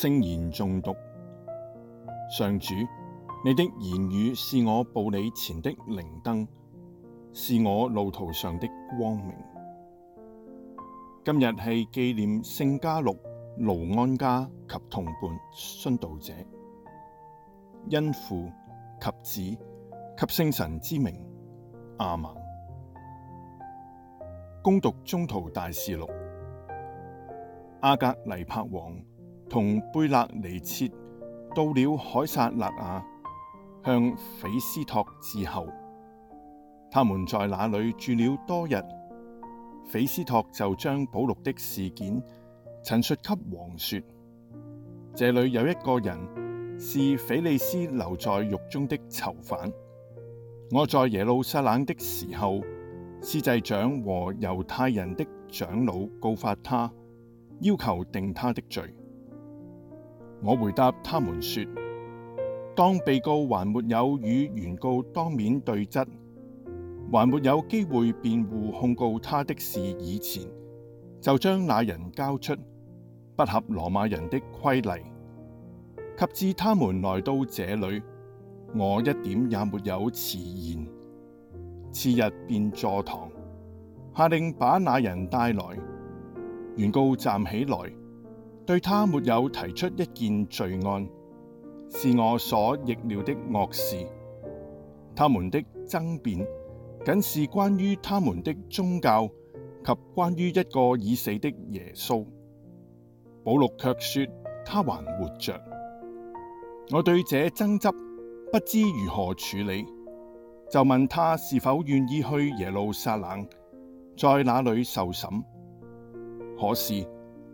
聖言中毒，上主，你的言語是我步你前的靈燈，是我路途上的光明。今日係紀念聖家六、盧安家及同伴殉道者，因父及子及聖神之名，阿門。攻讀中途大事錄，阿格尼柏王。同貝勒尼切到了凱撒勒雅，向斐斯托致候。他們在那裏住了多日。斐斯托就將保祿的事件，陳述給王說，這裏有一個人，是斐理斯留在獄中的囚犯。我在耶路撒冷的時候，司祭長和猶太人的長老告發他，要求定他的罪。我回答他們說：當被告還沒有與原告當面對質，還沒有機會辯護控告他的事以前，就將那人交出，不合羅馬人的規例，及至他們來到這裏，我一點也沒有遲延。次日便坐堂，下令把那人帶來。原告站起來。對他沒有提出一件罪案，是我所逆料的惡事。他們的爭辯僅是關於他們的宗教及關於一個已死的耶穌。保祿卻說他還活着。我對這爭執不知如何處理，就問他是否願意去耶路撒冷，在那裏受審。可是。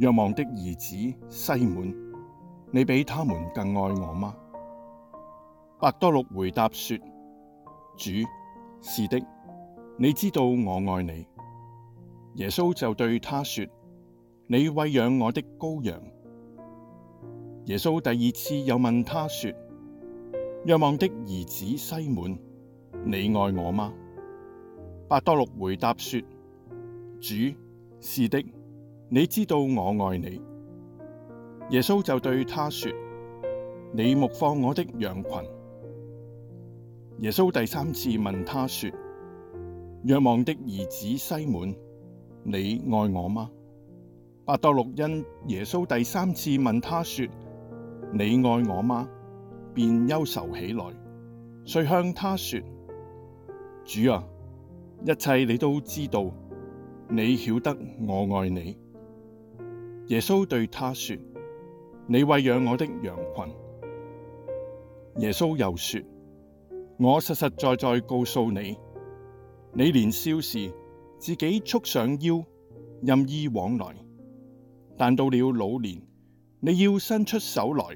若望的兒子西滿，你比他們更愛我嗎？伯多祿回答說：主，是的，你知道我愛你。耶穌就對他說：你餵養我的羔羊。耶穌第二次又問他說：若望的兒子西滿，你愛我嗎？伯多祿回答說：主，是的。你知道我愛你，耶穌就對他說：你牧放我的羊群。耶穌第三次問他說：若望的兒子西滿，你愛我嗎？伯多祿因耶穌第三次問他說：你愛我嗎？便憂愁起來，遂向他說：主啊，一切你都知道，你曉得我愛你。耶穌對他說：你餵養我的羊群。耶穌又說：我實實在在告訴你，你年少時，自己束上腰，任意往來；但到了老年，你要伸出手來，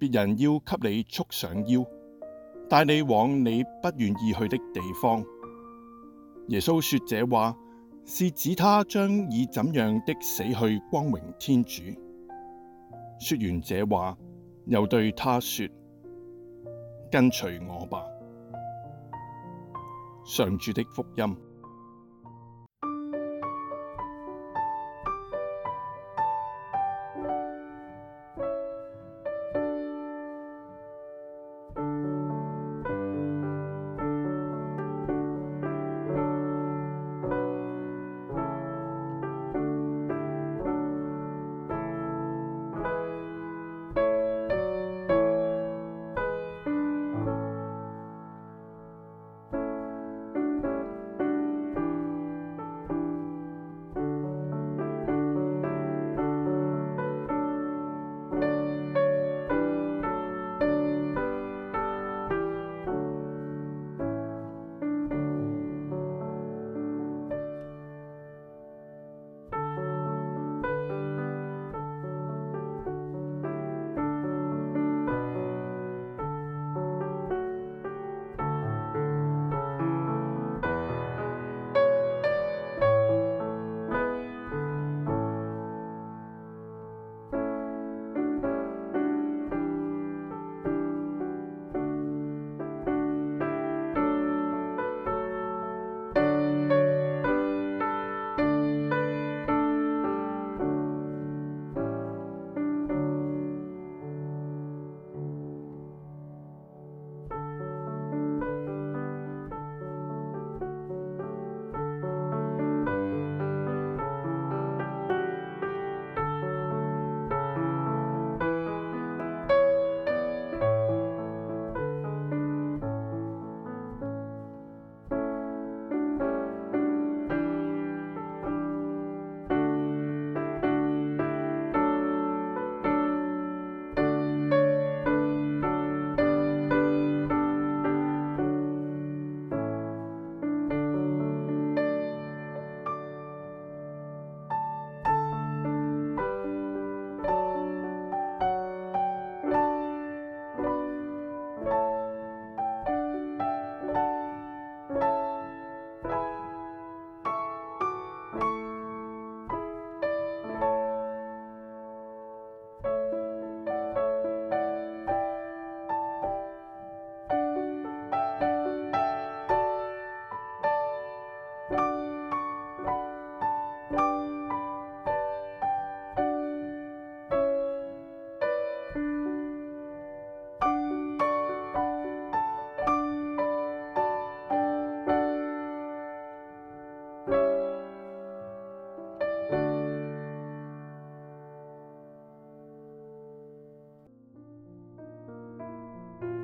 別人要給你束上腰，帶你往你不願意去的地方。耶穌說這話。是指他將以怎樣的死去光榮天主。說完這話，又對他說：跟隨我吧。上主的福音。